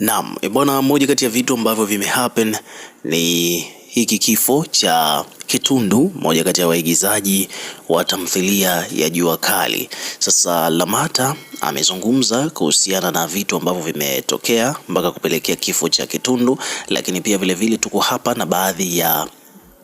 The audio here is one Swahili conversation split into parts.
Naam, e bwana, moja kati ya vitu ambavyo vimehappen ni hiki kifo cha Kitundu, moja kati ya waigizaji wa tamthilia ya Jua Kali. Sasa Lamata amezungumza kuhusiana na vitu ambavyo vimetokea mpaka kupelekea kifo cha Kitundu, lakini pia vilevile tuko hapa na baadhi ya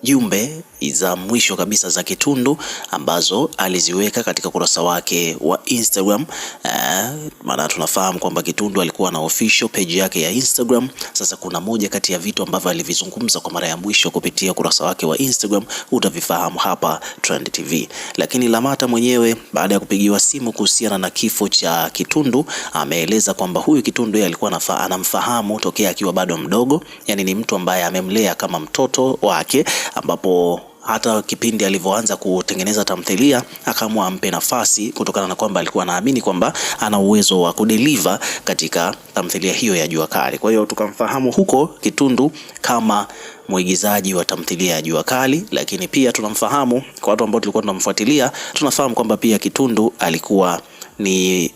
jumbe za mwisho kabisa za Kitundu ambazo aliziweka katika ukurasa wake wa Instagram. Eh, maana tunafahamu kwamba Kitundu alikuwa na official page yake ya Instagram. Sasa kuna moja kati ya vitu ambavyo alivizungumza kwa mara ya mwisho kupitia ukurasa wake wa Instagram, utavifahamu hapa Trend TV. Lakini Lamata mwenyewe baada ya kupigiwa simu kuhusiana na kifo cha Kitundu ameeleza kwamba huyu Kitundu yeye alikuwa anamfahamu tokea akiwa bado mdogo, yani ni mtu ambaye amemlea kama mtoto wake ambapo hata kipindi alivyoanza kutengeneza tamthilia akaamua ampe nafasi kutokana na kwamba alikuwa anaamini kwamba ana uwezo wa kudeliver katika tamthilia hiyo ya Jua Kali. Kwa hiyo tukamfahamu huko Kitundu kama mwigizaji wa tamthilia ya Jua Kali, lakini pia tunamfahamu kwa watu ambao tulikuwa tunamfuatilia, tunafahamu kwamba pia Kitundu alikuwa ni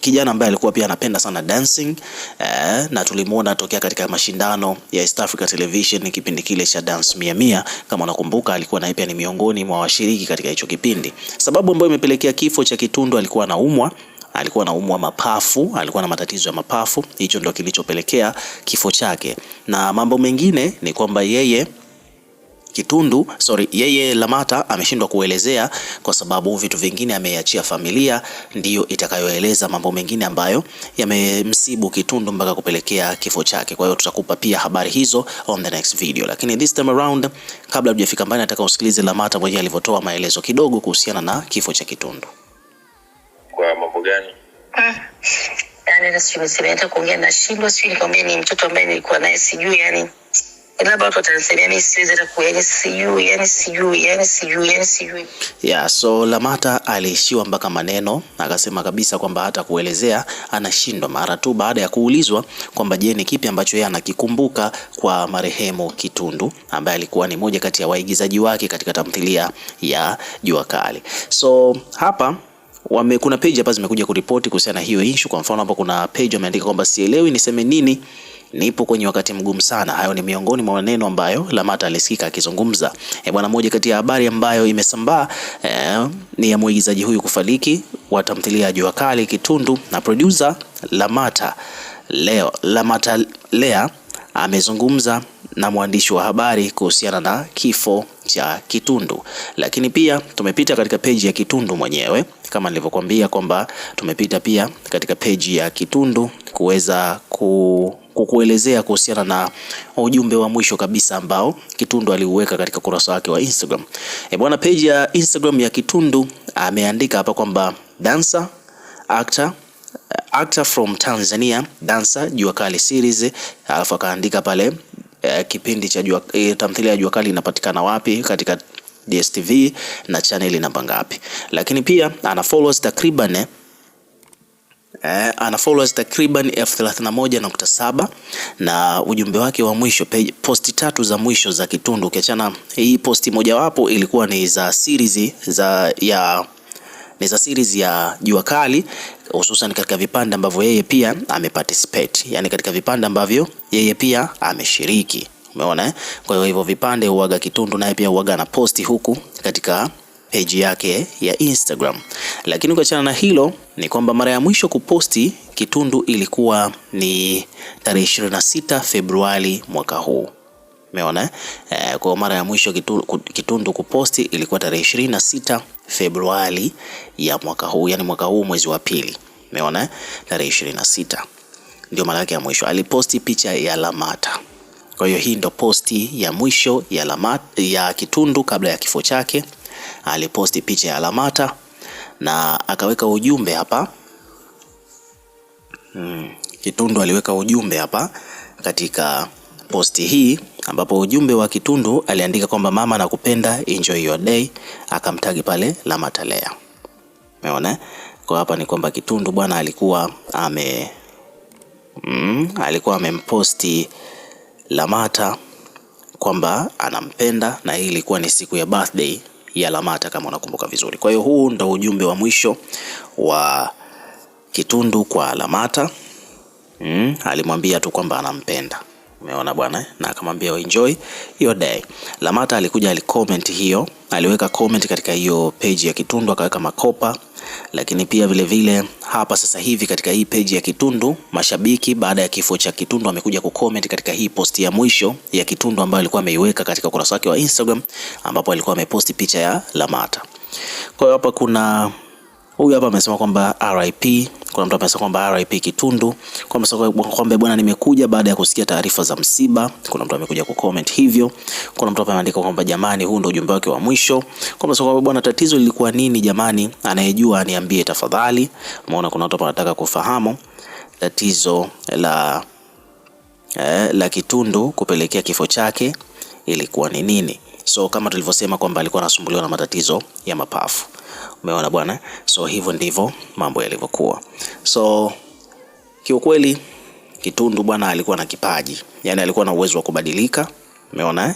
kijana ambaye alikuwa pia anapenda sana dancing eh, na tulimuona tokea katika mashindano ya East Africa Television kipindi kile cha Dance Mia Mia. Kama unakumbuka, alikuwa naye pia ni miongoni mwa washiriki katika hicho kipindi. Sababu ambayo imepelekea kifo cha Kitundu, alikuwa anaumwa alikuwa anaumwa mapafu, alikuwa na matatizo ya mapafu. Hicho ndio kilichopelekea kifo chake, na mambo mengine ni kwamba yeye Kitundu sorry, yeye Lamata ameshindwa kuelezea kwa sababu vitu vingine ameiachia familia ndiyo itakayoeleza mambo mengine ambayo yamemsibu Kitundu mpaka kupelekea kifo chake. Kwa hiyo tutakupa pia habari hizo on the next video, lakini this time around, kabla hujafika mbali, nataka usikilize Lamata mwenyewe alivyotoa maelezo kidogo kuhusiana na kifo cha Kitundu. Kwa mambo gani? Hmm. Yani, nashindwa sijui nikwambie, ni mtoto ambaye nilikuwa naye sijui yani labda watu watanisemea siwezi hata ku yani sijui yani sijui yani sijui yani sijui yeah. So Lamata aliishiwa mpaka maneno, akasema kabisa kwamba hata kuelezea anashindwa, mara tu baada ya kuulizwa kwamba je, ni kipi ambacho yeye anakikumbuka kwa marehemu Kitundu ambaye alikuwa ni moja kati ya waigizaji wake katika tamthilia ya Jua Kali. So hapa wame, kuna page hapa zimekuja kuripoti kuhusiana na hiyo issue. Kwa mfano hapa kuna page wameandika kwamba sielewi niseme nini nipo kwenye wakati mgumu sana. Hayo ni miongoni mwa maneno ambayo Lamata alisikika akizungumza. E bwana, moja kati ya habari ambayo imesambaa e, ni ya mwigizaji huyu kufariki wa tamthilia ya Jua Kali Kitundu na producer Lamata leo Lamata Lea amezungumza na mwandishi wa habari kuhusiana na kifo cha Kitundu, lakini pia tumepita katika peji ya Kitundu mwenyewe kama nilivyokuambia kwamba tumepita pia katika peji ya Kitundu kuweza ku kukuelezea kuhusiana na ujumbe wa mwisho kabisa ambao Kitundu aliuweka katika kurasa wake wa Instagram. E bwana, page ya Instagram ya Kitundu ameandika hapa kwamba dancer actor actor from Tanzania dancer Jua Kali series, alafu akaandika pale eh, kipindi cha jua eh, tamthilia ya Jua Kali inapatikana wapi katika DSTV na channel namba ngapi, lakini pia ana followers takriban Eh, ana followers takriban elfu thelathini na moja nukta saba na ujumbe wake wa mwisho page, posti tatu za mwisho za Kitundu, ukiachana hii posti mojawapo ilikuwa ni za series za ya ni za series ya Jua Kali hususan katika vipande ambavyo yeye pia ameparticipate, yani katika vipande ambavyo yeye pia ameshiriki, umeona eh? Kwa hivyo vipande huaga Kitundu naye pia huaga na posti huku katika page yake ya Instagram. Lakini ukiachana na hilo, ni kwamba mara ya mwisho kuposti Kitundu ilikuwa ni tarehe 26 Februari mwaka huu. Umeona eh? Kwa mara ya mwisho Kitundu kuposti ilikuwa tarehe 26 Februari ya mwaka huu, yani mwaka huu mwezi wa pili. Umeona, tarehe 26 ndio mara yake ya mwisho aliposti picha ya Lamata. Kwa hiyo hii ndo posti ya mwisho ya Lamata, ya Kitundu kabla ya kifo chake aliposti picha ya Lamata na akaweka ujumbe hapa hmm. Kitundu aliweka ujumbe hapa katika posti hii ambapo ujumbe wa Kitundu aliandika kwamba mama nakupenda, enjoy your day, akamtagi pale Lamata Lea. Umeona? Kwa hapa ni kwamba Kitundu bwana alikuwa ame mm, alikuwa amemposti Lamata kwamba anampenda na hii ilikuwa ni siku ya birthday ya Lamata kama unakumbuka vizuri. Kwa hiyo huu ndo ujumbe wa mwisho wa Kitundu kwa Lamata. Mm, alimwambia tu kwamba anampenda. Umeona bwana eh? Na akamwambia oh, enjoy your day. Lamata alikuja alikoment hiyo, aliweka comment katika hiyo page ya Kitundu akaweka makopa lakini pia vilevile vile, hapa sasa hivi katika hii peji ya Kitundu mashabiki, baada ya kifo cha Kitundu wamekuja kucomment katika hii posti ya mwisho ya Kitundu ambayo alikuwa ameiweka katika ukurasa wake wa Instagram ambapo alikuwa ameposti picha ya Lamata. Kwa hiyo hapa kuna Huyu hapa amesema kwamba RIP. Kuna mtu amesema kwamba RIP Kitundu, kwamba bwana, nimekuja baada ya kusikia taarifa za msiba. Kuna mtu amekuja ku comment hivyo. Kuna mtu hapa ameandika kwamba jamani, huu ndio ujumbe wake wa mwisho, kwamba bwana, tatizo lilikuwa nini jamani? Anayejua aniambie tafadhali. Umeona, kuna watu hapa wanataka kufahamu tatizo la, eh, la Kitundu kupelekea kifo chake ilikuwa ni nini. So kama tulivyosema kwamba alikuwa anasumbuliwa na matatizo ya mapafu, umeona bwana. So hivyo ndivyo mambo yalivyokuwa. So kiukweli Kitundu bwana alikuwa na kipaji, yani alikuwa na uwezo wa kubadilika, umeona eh?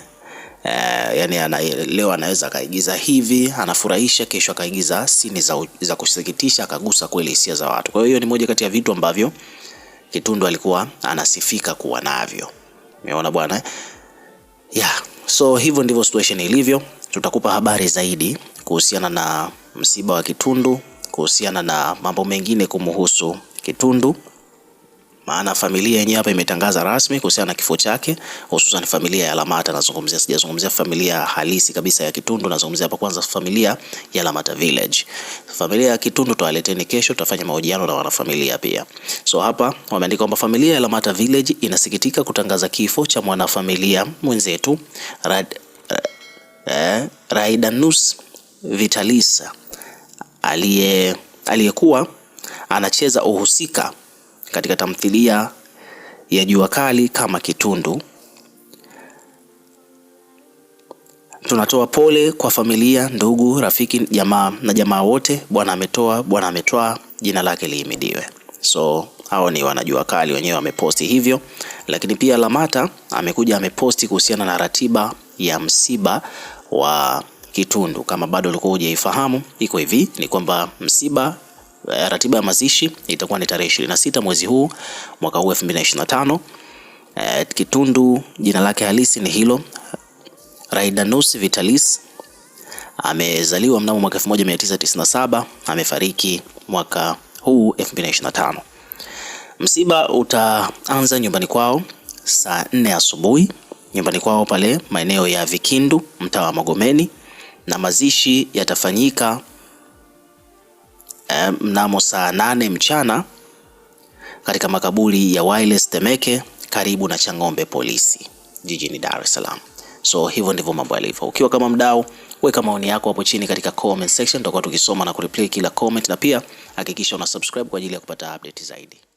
Uh, eh, yani ana, leo anaweza akaigiza hivi anafurahisha, kesho akaigiza sini za, za kusikitisha, akagusa kweli hisia za watu. Kwa hiyo hiyo ni moja kati ya vitu ambavyo Kitundu alikuwa anasifika kuwa navyo, umeona bwana eh? ya yeah. So hivyo ndivyo situation ilivyo. Tutakupa habari zaidi kuhusiana na msiba wa Kitundu, kuhusiana na mambo mengine kumuhusu Kitundu maana familia yenyewe hapa imetangaza rasmi kuhusiana na kifo chake, hususan familia ya Lamata nazungumzia, sijazungumzia familia halisi kabisa ya Kitundu, nazungumzia hapa kwanza familia ya Lamata Village. Familia ya Kitundu tuwaleteni kesho, tutafanya mahojiano na wanafamilia pia. So hapa wameandika kwamba familia ya Lamata Village inasikitika kutangaza kifo cha mwanafamilia mwenzetu Rad, eh, Raidanus Vitalisa aliyekuwa anacheza uhusika katika tamthilia ya Jua Kali kama Kitundu. Tunatoa pole kwa familia, ndugu, rafiki, jamaa na jamaa wote. Bwana ametoa, Bwana ametoa, jina lake lihimidiwe. So hao ni wanajua kali wenyewe wameposti hivyo, lakini pia Lamata amekuja ameposti kuhusiana na ratiba ya msiba wa Kitundu. Kama bado ulikuwa hujaifahamu, iko hivi ni kwamba msiba Eh, ratiba ya mazishi itakuwa ni tarehe 26 mwezi huu mwaka huu 2025. E, eh, Kitundu jina lake halisi ni hilo Raidanus Vitalis. Amezaliwa mnamo mwaka 1997, amefariki mwaka huu 2025. Msiba utaanza nyumbani kwao saa nne asubuhi, nyumbani kwao pale maeneo ya Vikindu, mtaa wa Magomeni, na mazishi yatafanyika eh, mnamo saa nane mchana katika makaburi ya Wireless Temeke karibu na Changombe polisi jijini Dar es Salaam. So hivyo ndivyo mambo yalivyo. Ukiwa kama mdau, weka maoni yako hapo chini katika comment section, tutakuwa tukisoma na kureply kila comment, na pia hakikisha una subscribe kwa ajili ya kupata update zaidi.